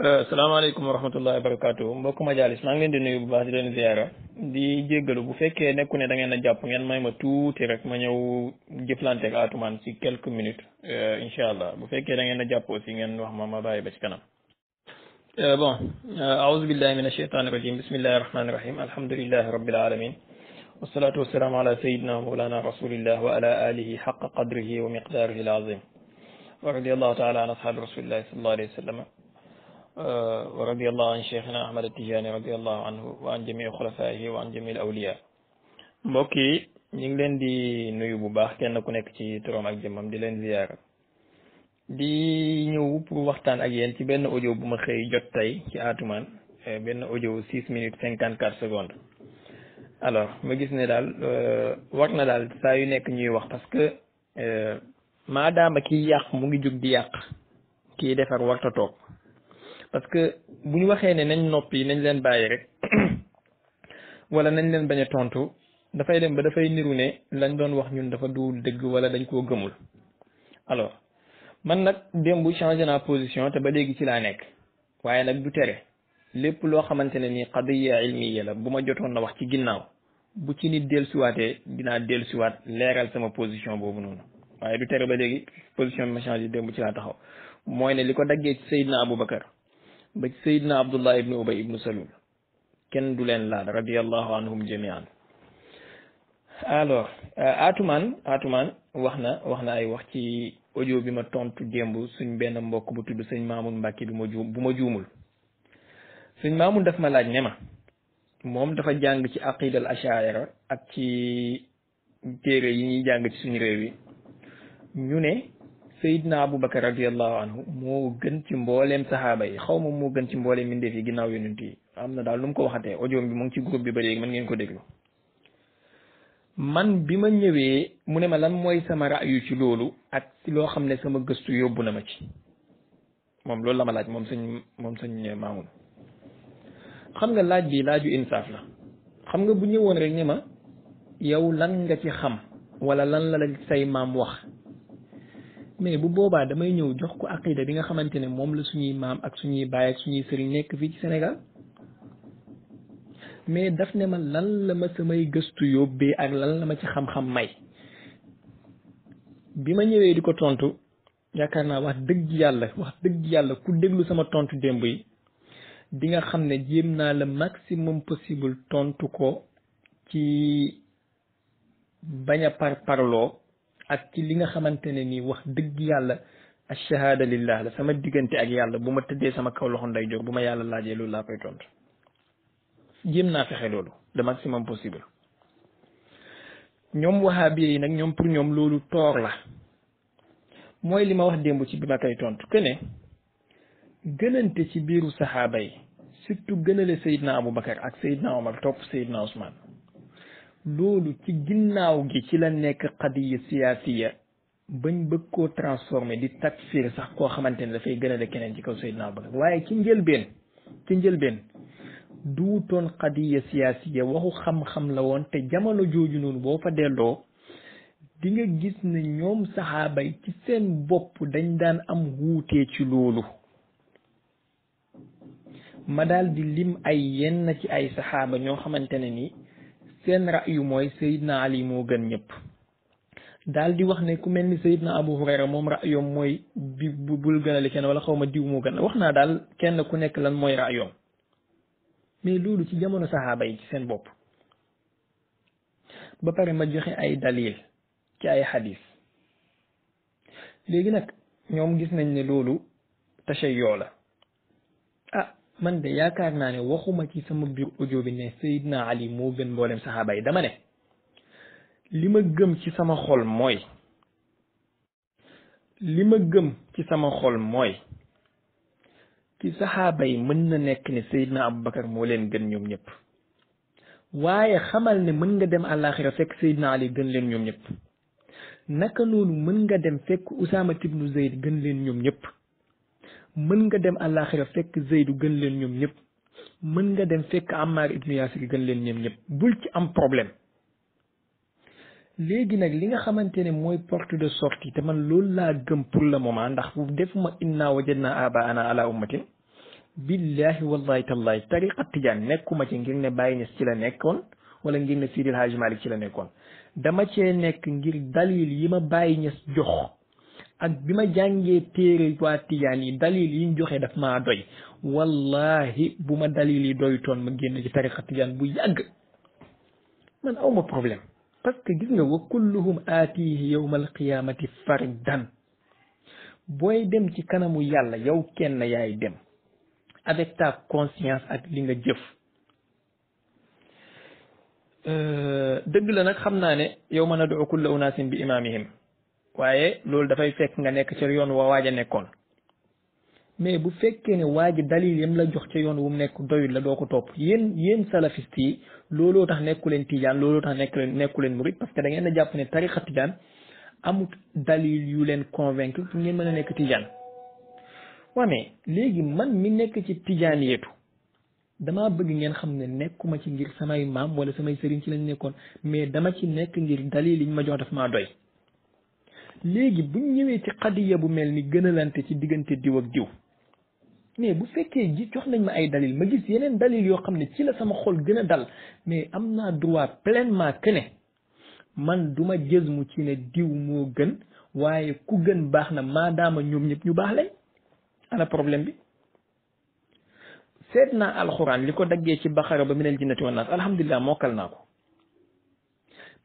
Euh, salaamaaleykum wa rahmatullahi wa barakaatu mbokk majalis maa ngi leen di bu baax di leen ziara di jéggalu bu fekkee nekku ne da ngeen a jàpp ngeen may ma tuuti rek ma ñëw jëflante ak Atoumane ci quelques minutes euh, incha allah bu fekkee da ngeen a jàpp aussi ngeen wax ma ma bàyyi ba ci kanam euh, bon aouzu billahi min asheytaani rajim bismillahi rahmaani rahim alhamdulillahi rabbil alamin wasalaatu wasalaamu ala sayidina mawlana rasulillah wa ala alihi xaqa qadrihi wa miqdaarihi al azim wa radiallahu taala an ashaabi rasulillahi wa radiyallahu an cheikhina ahmad tijani radiyallahu anhu wa an jamii xulafaahi wa an jamii awliya mbokk yi ñu ngi leen di nuyu bu baax kenn ku nekk ci trom ak jëmmam di leen ziyaara di ñëw pour waxtaan ak yéen ci benn audio bu ma xëy jot tey ci Atoumane eh, benn ojo six minutes cinquante quatre secondes alors ma gis ne daal euh, war na daal saa yu nekk ñuy wax parce que euh, maadaama kiy yàq mu ngi jóg di yàq kiy defar warta toog parce que bu ñu waxee ne nañ noppi nañ leen bàyyi rek wala nañ leen bañ a tontu dafay dem ba dafay niru ne lañ doon wax ñun dafa du dëgg wala dañ koo gëmul alors man nag démb changé naa position te ba léegi ci laa nekk waaye nag du tere lépp loo xamante ne ni qadiya ilmiya la bu ma jotoon na wax ci ginnaaw bu ci nit dellusiwaatee dinaa dellusiwaat leeral sama position boobu noonu waaye du tere ba léegi position bi ma changé démb ci laa taxaw mooy ne li ko daggee ci Seydina Aboubacar ba ci sayidna abdullah ibnu ubay ibnu salul kenn du leen laal radiallahu anhum jamian alors euh, atumaan atumaan wax na wax na ay wax ci audio bi ma tontu démb suñ benn mbokk bu tudd sëñ Mamoun Mbacke bi ma juum bu ma juumul sëñ Mamoun daf ma laaj ne ma moom dafa jàng ci aqidal ashaira ak ci téere yi jàng ci suñu réew yi ñu ne sayidna aboubacar radiallahu anhu moo gën ci mbooleem sahaaba yi xaw ma moo gën ci mbooleem mindeef yi ginnaaw yonent yi am na daal lu mu ko waxatee audio bi mu ci groupe bi ba léegi mën ko déglu bi ma ñëwee mu ne ma lan mooy sama ci loolu ak ci loo xam ne sama gëstu yóbbu na ma ci moom loolu la ma laaj moom sëñ moom sëñ Maamun xam nga laaj bi laaju insaaf la xam nga bu ñëwoon rek ni ma yow lan nga ci xam wala lan la la say maam wax mais bu boobaa damay ñëw jox ko aqida bi nga xamante ne moom la suñuy maam ak suñuy baay ak suñuy sëriñ nekk fii ci Sénégal mais daf ne ma lan la ma samay gëstu yóbbee ak lan la ma ci xam-xam may bi ma ñëwee di ko tontu yaakaar naa wax dëgg yàlla wax dëgg yàlla ku déglu sama tontu démb yi di nga xam ne jéem naa le maximum possible tontu ko ci bañ a par parloo ak ci li nga xamante ne nii wax dëgg yàlla achahaada lillah la sama diggante ak yàlla bu ma tëddee sama kaw loxo nday jóg bu ma yàlla laajee loolu laa koy tontu jéem naa fexe loolu le maximum possible ñoom waxaab yi nag ñoom pour ñoom loolu toor la mooy li ma wax démb ci bi ma koy tontu que gënante ci biiru saxaaba yi surtout gënale Seydina Aboubacar ak Seydina Omar topp Seydina Ousmane loolu ci ginnaaw gi ci la nekk xadiya siyaasiya bañ bëgg koo transformé di takfir sax koo xamante ne dafay gën a keneen ci kaw Seydina Abubakar waaye ci njëlbeen ci njëlbeen duutoon xadiya siyaasiya waxu xam-xam la woon te jamono jooju noonu boo fa delloo dinga gis ne ñoom saxaaba ci seen bopp dañ daan am wuutee ci loolu ma daal di lim ay yenn ci ay saxaaba ñoo xamante ne ni seen ra'yu mooy Seydina Ali moo gën ñëpp daal di wax ne ku mel ni Seydina Abu Hurayra moom ra'yoom mooy bi bul gënale kenn wala xaw ma diw moo gën wax naa daal kenn ku nekk lan mooy ra'yoom mais loolu ci jamono saxaaba yi ci seen bopp ba pare ma joxe ay dalil ci ay xadis léegi nag ñoom gis nañ ne loolu tashayyo la man de yaakaar naa ne waxuma ci sama biir audio bi ne Seydina Ali moo gën mboolem saxaaba yi dama ne li ma gëm ci sama xol mooy li ma gëm ci sama xol mooy ci saxaaba yi mën na nekk ne Seydina Aboubacar moo leen gën ñoom ñëpp waaye xamal ne mën nga dem àllaaxira fekk Seydina Ali gën leen ñoom ñëpp naka noonu mën nga dem fekk Usaama ibnu Zeyd gën leen ñoom ñëpp mën nga dem àllaaxira fekk Zeydu gën leen ñoom ñëpp mën nga dem fekk Ammaar ibnu Yaasir gën leen ñoom ñëpp bul ci am problème léegi nag li nga xamante ne mooy porte de sortie te man loolu laa gëm pour le moment ndax defuma inna wajadna abaana ala ummatin billahi wallahi tallahi tariqa tijaan nekkuma ci ngir ne bàyyi Niass ci la nekkoon wala ngir ne Sidil Hadj ci la nekkoon dama cee nekk ngir dalil yi ma bàyyi Niass jox ak bi ma jàngee téere waa tijaan yi dalil yi ñu joxe daf maa doy wallahi bu ma dalil yi doy toon ma génn ci tariqa tijaan bu yàgg man awma problème parce que gis nga wa kulluhum aatihi yowma alqiyamati fardan booy dem ci kanamu yàlla yow kenn yaay dem avec ta conscience ak li nga jëf euh, dëgg la nag xam naa ne yow mën a doo kulla unaasin bi imaamihim waaye loolu dafay fekk nga nekk ci yoon wa waaj a nekkoon mais bu fekkee ne waa ji dalil yam la jox ca yoon wu mu nekk doyul la doo ko topp yéen yéen salafiste yi looloo tax nekku leen tijaan looloo tax nekku leen nekku leen murit parce que da ngeen a jàpp ne tariqa tijaan leen convaincre pour ngeen mën a nekk tijaan waa mais léegi man mi nekk ci tiijaan yeetu damaa bëgg ngeen xam ne nekkuma ci ngir samay maam wala samay sëriñ ci lañ nekkoon mais dama ci nekk ngir dalil yi ñu ma jox daf maa doy léegi buñ ñëwee ci xadiya bu mel ni gënalante ci diggante diw ak diw mais bu fekkee ji jox nañ ma ay dalil ma gis yeneen dalil yoo xam ne ci la sama xol gën a dal mais am naa droit pleinement que man duma mu ci ne diw moo gën waaye ku gën baax na maadaama ñoom ñëpp ñu baax lañ ana problème bi seet naa alxuraan li ko daggee ci baxara ba minal jinnati wannaas alhamdulilah mokkal naa ko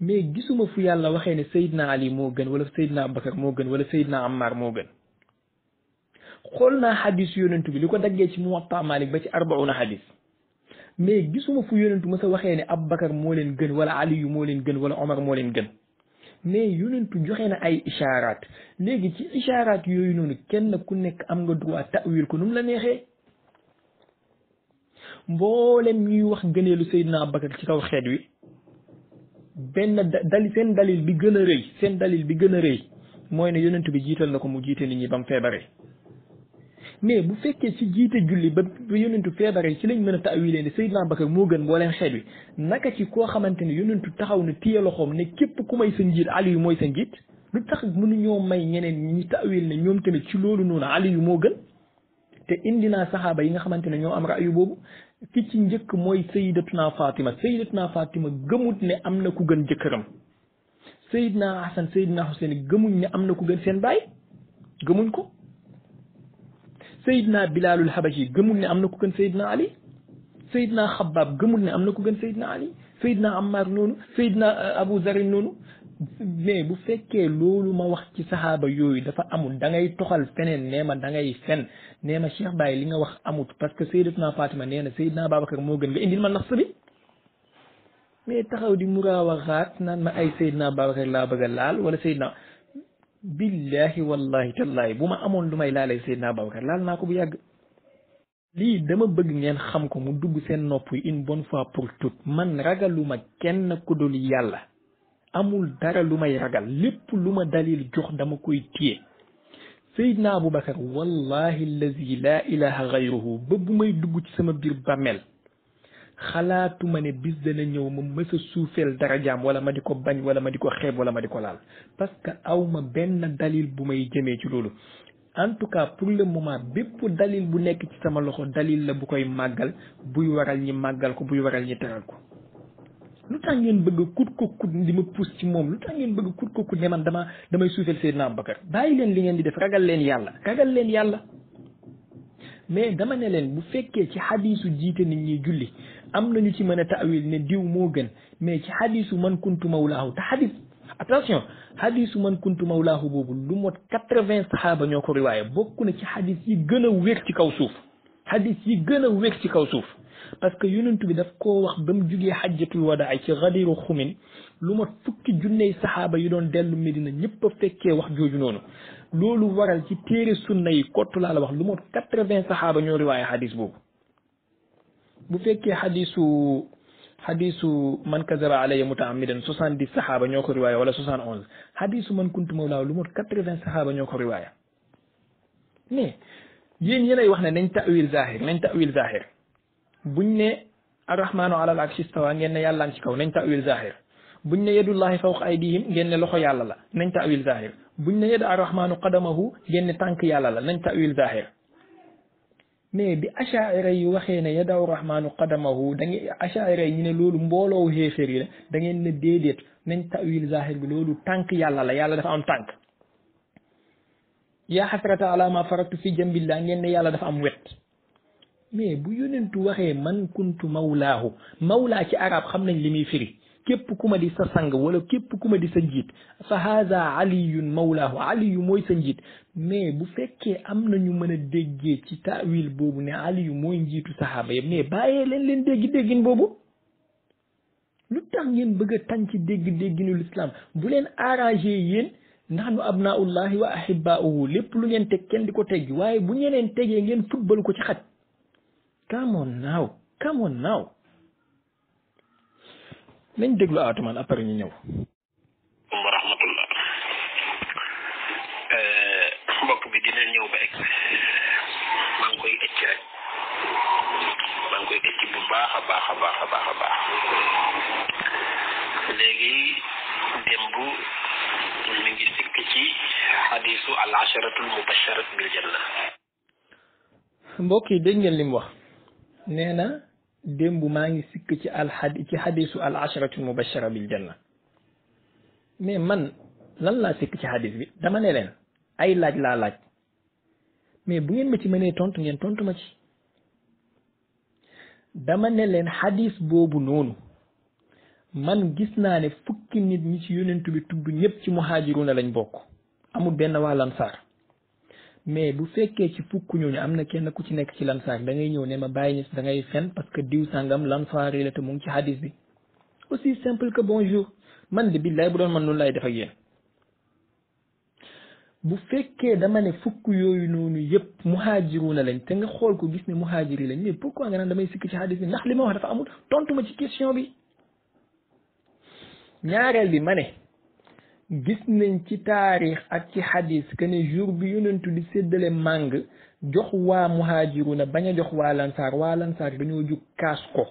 mais gisuma fu yàlla waxee ne Seydina Ali moo gën wala Seydina Abubakar moo gën wala Seydina Ammar moo gën xool naa xadis yonentu bi li ko daggee ci Muwatta Malik ba ci arbauna xadis mais gisuma fu yonentu ma sa waxee ne Abubakar moo leen gën wala Aliyu moo leen gën wala Omar moo leen gën mais yonentu joxe na ay ishaaraat léegi ci ishaaraat yooyu noonu kenn ku nekk am nga droit ta'wil ko nu mu la neexee mboolem ñuy wax gëneelu Seydina Abubakar ci kaw xeet wi benn dali seen dalil bi gën a rëy seen dalil bi gën a rëy mooy ne yonent bi jiital na ko mu jiite nit ñi ba mu feebaree mais bu fekkee ci jiite julli ba ba yonentu feebaree ci lañ mën a tawile ne Seydina Bakar moo gën mbooleem xeet wi naka koo xamante ne yonentu taxaw na téye loxoom ne képp ku may sa njiit Aliyu mooy sa njiit lu tax mënuñoo may ñeneen ñi tawil ne ñoom tamit ci loolu noonu yu moo gën te indi naa saxaaba yi nga xamante ne ñoo am raayu boobu ki ci njëkk mooy sayidatuna Fatima sayidatuna Fatima gëmut ne am na ku gën jëkkëram sayidna Hasan sayidna Huseyn gëmuñ ne am na ku gën seen baay gëmuñ ko sayidna Bilalul Habashi gëmul ne am na ku gën sayidna Ali sayidna Xabbaab gëmul ne am na ku gën sayidna Ali sayidna Ammar noonu sayidna uh, Abu Zarin noonu mais bu fekkee loolu ma wax ci saxaaba yooyu dafa amul dangay toxal feneen nee ma da ngay fen nee ma Cheikh Baye li nga wax amut parce que Seydatuna Fatima nee na Seydina Babacar moo gën nga indil ma nax bi mais taxaw di muraawaxaat naan ma ay Seydina Babacar laa bëgg a laal wala Seydina billahi wallahi tallahi bu ma amoon lu may laalee Seydina Babacar laal naa ko bu yàgg lii dama bëgg ngeen xam ko mu dugg seen nopp yi une bonne fois pour toutes man ragaluma kenn ku dul yàlla amul dara lu may ragal lépp lu ma dalil jox dama koy téye Seydina Aboubacar wallahi allazi laa ilaha gayruhu ba bu may dugg ci sama biir bàmmeel xalaatu ma ne bis dana ñëw ma mës a suufeel dara jaam wala ma di ko bañ wala ma di ko xeeb wala ma di ko laal parce que aw ma benn dalil bu may jëmee ci loolu en tout cas pour le moment bépp dalil bu nekk ci sama loxo dalil la bu koy màggal buy waral ñi màggal ko buy waral ñi teral ko lu tax bëgg kut ko kut di ma pousse ci moom lu tax ngeen bëgg kut ko kut ne man dama damay suufeel Seydina Abubakar bàyyi leen li ngeen di def ragal leen yàlla ragal leen yàlla mais dama ne leen bu fekkee ci xadiisu jiite nit ñi julli am na ñu ci mën a taawil ne diw moo gën mais ci xadiisu man kuntu mawlaahu te xadiis attention xadiisu man kuntu mawlaahu boobu lu mot quatre-vingts saxaaba ñoo ko riwaaye bokk na ci xadiis yi gën a wér ci kaw suuf xadiis yi gën a wér ci kaw suuf parce que yonent bi daf koo wax ba mu jugee xajjatul wadaa ci xadiru xumin lu ma fukki junney saxaaba yi doon dellu Medina ñëpp a fekkee wax jooju noonu loolu waral ci téere sunna yi kottu laa la wax lu ma quatre-vingts saxaaba ñoo riwaaye xadis boobu bu fekkee xadisu xadisu man kazaba alayya mutaamidan soixante-dix saxaaba ñoo ko riwaaya wala soixante onze xadisu man kuntu mawlaahu lu mot quatre-vingts saxaaba ñoo ko riwaaya mais yéen yéenay wax ne nañ ta'wil zahir nañ ta'wil zahir buñ ne arrahmaanu alal arshi stawa ngeen ne yàlla ngi ci kaw nañ tawil zahir buñ ne yedullahi loxo yàlla nañ tawil zahir buñ ne yed arrahmaanu qadamahu ngeen ne tànk yàlla la nañ tawil zahir mais bi achaira waxee ne yadaw rahmaanu qadamahu da ngeen achaira yi loolu mbooloowu xéeféer yi la ne déedéet nañ tawil zahir loolu tànk yàlla la yàlla dafa am tànk yaa xasrata ala ma fi jambillah ngeen ne yàlla dafa am wet mais bu yonentu waxee man kuntu mawlaahu mawlaa ci arab xam nañ li muy firi képp ku ma di sa sang wala képp ku ma di sa njiit fa haada aliyun mawlaahu aliyu mooy sa njiit mais bu fekkee am na ñu mën a déggee ci taawil boobu ne aliyu mooy njiitu saxaaba yëpp mais bàyyee leen leen dégg déggin boobu lu tax ngeen bëgg a tànc dégg dégginu l'islam bu leen arrangé yéen nahnu abnaullahi wa ahibbauhu lépp lu ngeen teg kenn di ko teggi waaye bu ñeneen tegee ngeen football ko ci xaj come on now come on now nañ déglu Atoumane après ñu ñëw. wa rahmatullah euh, mbokk bi dina ñëw ba egg maa ngi koy ecc rek maa koy ecc bu baax a baax a baax a baax a baax léegi démb mi ngi sikk ci xadisu al asharatul mubasharat bil janna mbokk yi dégg ngeen li wax. nee na démb maa ngi sikk ci alxadi ci xadisu al ashratu mubashara bil janna mais man lan laa sikk ci xadis bi dama ne leen ay laaj laa laaj mais bu ngeen ma ci mënee tontu ngeen tontu ma ci dama ne leen xadis boobu noonu man gis naa ne fukki nit ñi ci yonentu bi tudd ñëpp ci muhaajiruna lañ bokk amul benn waa lansaar mais bu fekkee ci fukk ñooñu am na kenn ku ci nekk ci lansaar da ngay ñëw nee ma bàyyi ñes da ngay fen parce que diw sàngam lansaari la te mu ngi ci hadis bi aussi simple que bonjour man de billaay bu doon man noonu lay def ak bu fekkee dama ne fukk yooyu noonu yëpp muhaajiruuna lañ te nga xool ko gis ne muhaajiri lañ mais pourquoi nga naan damay sikk ci hadis bi ndax li ma wax dafa amul tontu ma ci question bi ñaareel bi ma ne gis nañ ci taarix ak ci xadis que ne jour bi yonentu di séddale màng jox waa muhajiruna bañ a jox waa lansaar waa lansaar dañoo jug kaas ko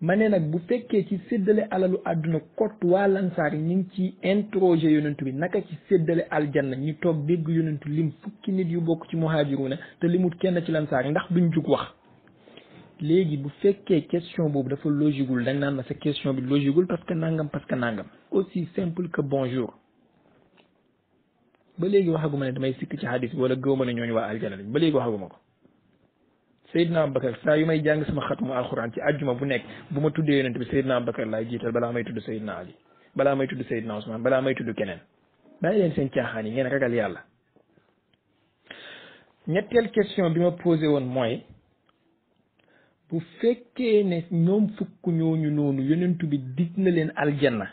ma ne nag bu fekkee ci séddale alalu àdduna kot waa lansaar ñu ngi ci interroger yonentu bi naka ci séddale aljanna ñu toog dégg yonentu lim fukki nit yu bokk ci muhajiruna te limut kenn ci lansaar ndax duñ jug wax léegi bu fekkee question boobu dafa logigul dañ naan ma sa question bi logigul parce que nangam parce que nangam aussi simple que bonjour ba léegi waxaguma ne damay sikk ci xadis bi wala gëwma ne ñooñu waa aljana lañ ba léegi waxaguma ko Seydina Abubakar saa yu may jàng sama xatmu alxuraan ci àjjuma bu nekk bu ma tuddee yonent bi Seydina Abubakar laay jiital balaa may tudd Seydina Ali balaa may tudd Seydina Ousmane balaa may tudd keneen bàyyi leen seen yi ngeen ragal yàlla ñetteel question bi ma posé woon mooy bu fekkee ne ñoom fukk ñooñu noonu yonentu bi dig na leen aljanna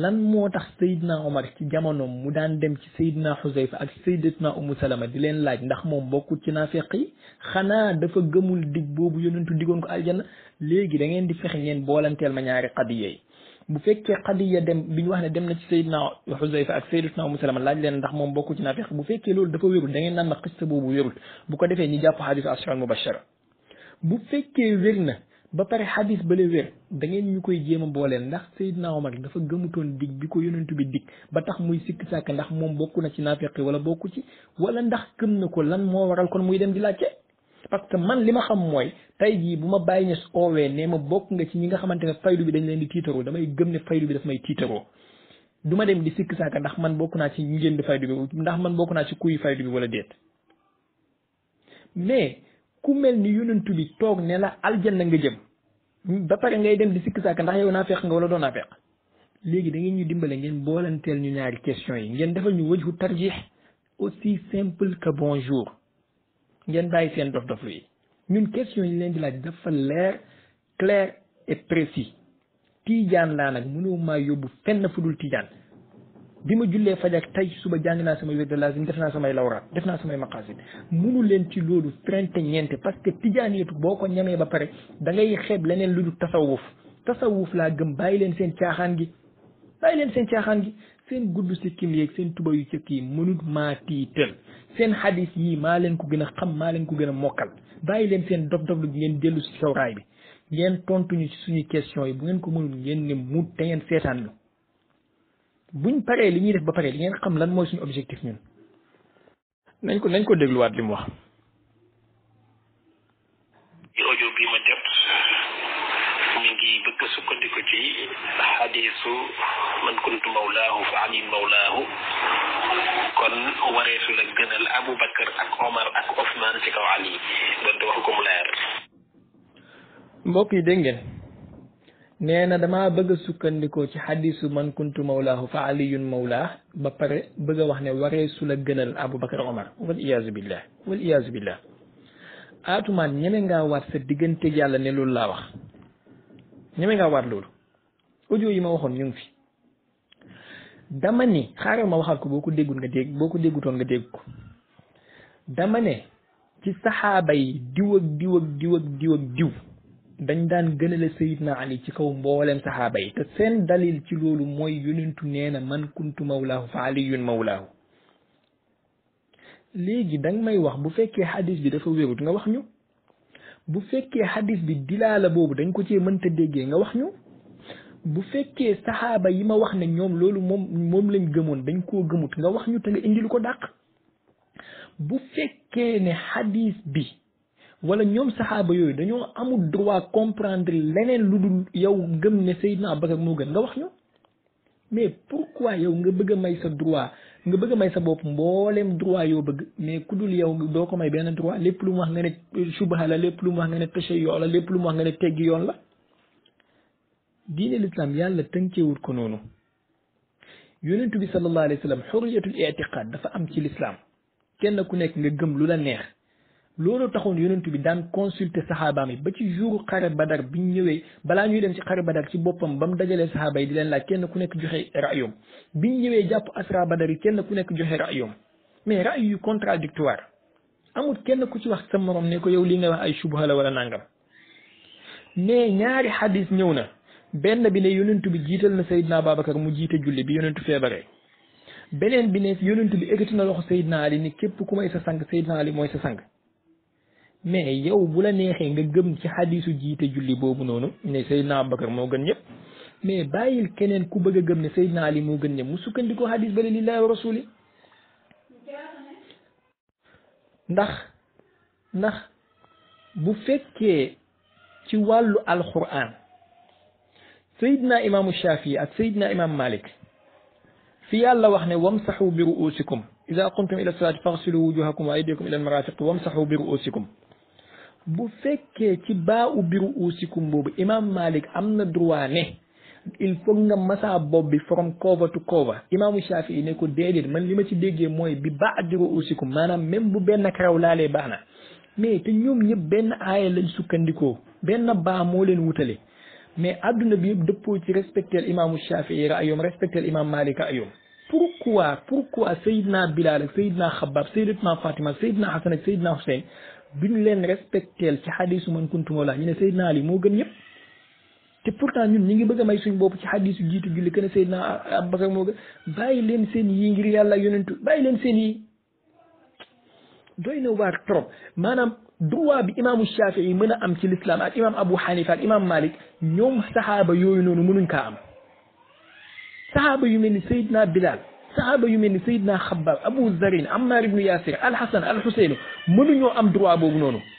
lan moo tax na Omar ci jamonoom mu daan dem ci Seydina Xuseyfa ak Seydatna Umu Salama di leen laaj ndax moom bokkul ci naafeq yi xanaa dafa gëmul dig boobu yonentu digoon ko aljanna léegi da ngeen di fexe ngeen boolanteel ma ñaari xadiya yi bu fekkee xadiya dem bi ñu wax ne dem na ci Seydina Xuseyfa ak Seydatna Umu Salama laaj leen ndax moom bokkul bu fekkee loolu dafa wérul da ngeen naan ma xista boobu wérul bu ko defee ñi jàpp xadisu ashal mubashara bu fekkee wér na ba pare xadis bale wér da ngeen ñu koy jéem a booleel ndax Seydina Omar dafa gëmutoon dig bi ko yonentu bi dig ba tax muy sikk sàkk ndax moom bokk na ci naafeq wala bokku ci wala ndax gëm na ko lan moo waral kon muy dem di laajte parce que man li ma xam mooy tey jii bu ma bàyyi ñes oowee ne ma bokk nga ci ñi nga xamante ne faydu bi dañ leen di tiitaroo damay gëm ne faydu bi daf may tiitaroo du ma dem di sikk sàkk ndax man bokk naa ci ñu génn faydu bi ndax man bokk naa ci kuy faydu bi wala déet mais ku mel ni yonent bi toog ne la na nga jëm ba pare ngay dem di sikk sàkk ndax yow naa feex nga wala doon naa feex léegi da ngeen ñu dimbale ngeen boolanteel ñu ñaari question yi ngeen defal ñu wëjhu tarjix aussi simple que bonjour ngeen bàyyi seen dof-doflu yi ñun question yi leen di laaj dafa leer clair et précis tiijaan laa nag mënoo maa yóbbu fenn fu dul tiijaan bi ma jullee fajak tey suba jàng naa samay wérde lazim def naa samay lawraat def naa samay maqasid munu leen ci loolu trente ñeente parce que tijaaniyatu boo ko ñamee ba pare da ngay xeeb leneen lu dul tasawuf tasawuf laa gëm bàyyi leen seen caaxaan gi bàyyi leen seen caaxaan gi seen gudd sikkim yeeg seen tuba yu cëkk yi mënut maa tiital seen xadis yi maa leen ko gën a xam maa leen ko gën a mokkal bàyyi leen seen dof dof lu ngeen dellu ci sawraay bi ngeen tontuñu ci suñu question yi bu ngeen ko mënul ngeen ne mu te ngeen seetaan ñu buñ paree li ñuy def ba pare li ngeen xam lan mooy suñu objectif ñun. nañ ko nañ ko dégluwaat li mu wax. ci audio bi ma jot mi ngi bëgg a sukkandiku ci xadiisu man kuntu mawlaahu fa ali mawlaahu kon wareesu la gënal Abu Bakar ak Omar ak Ousmane ci kaw Ali donte wax ko mu leer. mbokk yi dégg nee na damaa bëgg sukkandikoo ci xadisu man kuntu mawlaahu fa aliyun mawlaah ba pare bëgg wax ne waree su la gënal Aboubacar Omar wal iyaazu billah wal iyaazu billah aatumaan ñeme ngaa waat sa digganteeg yàlla ne loolu laa wax ñeme ngaa waat loolu audio yi ma waxoon ñu ngi fi dama ni xaaral ma waxal ko boo ko déggul nga dégg boo ko déggutoon nga dégg ko dama ne ci saxaaba yi diw ak diw ak diw ak diw ak diw dañ daan gënale na ali ci kaw mboolem saxaaba yi te seen dalil ci loolu mooy yonentu nee na man kuntu mawlaahu fa aliyun mawlaahu léegi danga may wax bu fekkee xadis bi dafa wérut nga wax ñu bu fekkee xadis bi dilaala boobu dañ ko cee mënta déggee nga wax ñu bu fekkee saxaaba yi ma wax ne ñoom loolu moom moom lañ gëmoon dañ koo gëmut nga wax ñu te nga indil ko dàq bu fekkee ne xadis bi wala ñoom saxaaba yooyu dañoo amul droit comprendre leneen lu dul yow gëm ne Seydina Abubakar moo gën nga wax ñu mais pourquoi yow nga bëgg a may sa droit nga bëgg may sa bopp mbooleem droit yoo bëgg mais ku dul yow doo ko may benn droit lépp lu mu wax nga ne subaha la lépp lu mu wax nga ne péché yoo la lépp lu wax nga ne teggi yoon la diine l'islam yàlla tënkeewul ko noonu yonentu bi sallallahu alayhi wa sallam dafa am ci l'islam kenn ku nekk nga gëm lu la neex looloo taxoon yonent bi daan consulter saxaabaam yi ba ci jour xare badar bi ñu ñëwee balaa ñuy dem ci xare badar ci boppam ba mu dajalee saxaaba yi di leen laaj kenn ku nekk joxe rayoom bi ñu ñëwee jàpp asra badar yi kenn ku nekk joxe rayoom mais ray yu contradictoire amul kenn ku ci wax sa morom ne ko yow li nga wax ay subha la wala nàngam mais ñaari xadis ñëw na benn bi ne yonent bi jiital na Seydina Babacar mu jiite julli bi yonent feebaree beneen bi ne yonent bi ekkati na loxo Seydina Ali ni képp ku may sa sang Seydina Ali mooy sa sang mais yow bu la neexee nga gëm ci xadisu jiite julli boobu noonu ne Seydina Abubakar moo gën ñëpp mais bàyyil keneen ku bëgg a gëm ne Seydina Ali moo gën ñëpp mu sukkandikoo xadis bale lillahi wa rasuli ndax ndax bu fekkee ci wàllu alquran Seydina imaamu Shafii ak Seydina imaam Malik fi yàlla wax ne wamsaxu bi ruusikum ida qumtum ila salaati fagsilu wujuhakum wa aydiyakum ila almarafiq wamsaxu bi ruusikum bu fekkee ci baa u biru uusikum boobu imam malik am na droit ne il faut nga masaa bopp bi from cover to cover imaamu shafii ne ko déedéet man li ma ci déggee mooy bi ba biru uusikum maanaam même bu benn karaw laalee baax na mais te ñoom ñëpp benn aaya lañ sukkandikoo benn baa moo leen wutale mais adduna bi yëpp dëppoo ci respecter imaamu shafii ra'ayoom respecter imaam malik ra'ayoom pourquoi pourquoi Seydina Bilal ak Seydina Xabaab Seydatna Fatima Seydina Hasan ak Hussein duñ leen respecteel ci xadisu man kuntu mawla ñu ne Seydina Ali moo gën ñëpp te pourtant ñun ñu ngi bëgg a may suñ bopp ci xadisu jiitu julli que ne Seydina Abubakar moo gën bàyyi leen seen yi ngir yàlla yonentu bàyyi leen seen yi doy na waar trop maanaam droit bi imaamu Shafii mën a am ci l'islam ak imaam Abu Hanifa ak imaam ñoom saxaaba yooyu noonu mënuñ kaa am saxaaba yu mel ni Seydina Bilal saxaaba yu mel ni Seydina Xabbaab Abu Zarin Ammar ibnu Yasir Alxasan Alxuseynu mënuñoo am droit boobu noonu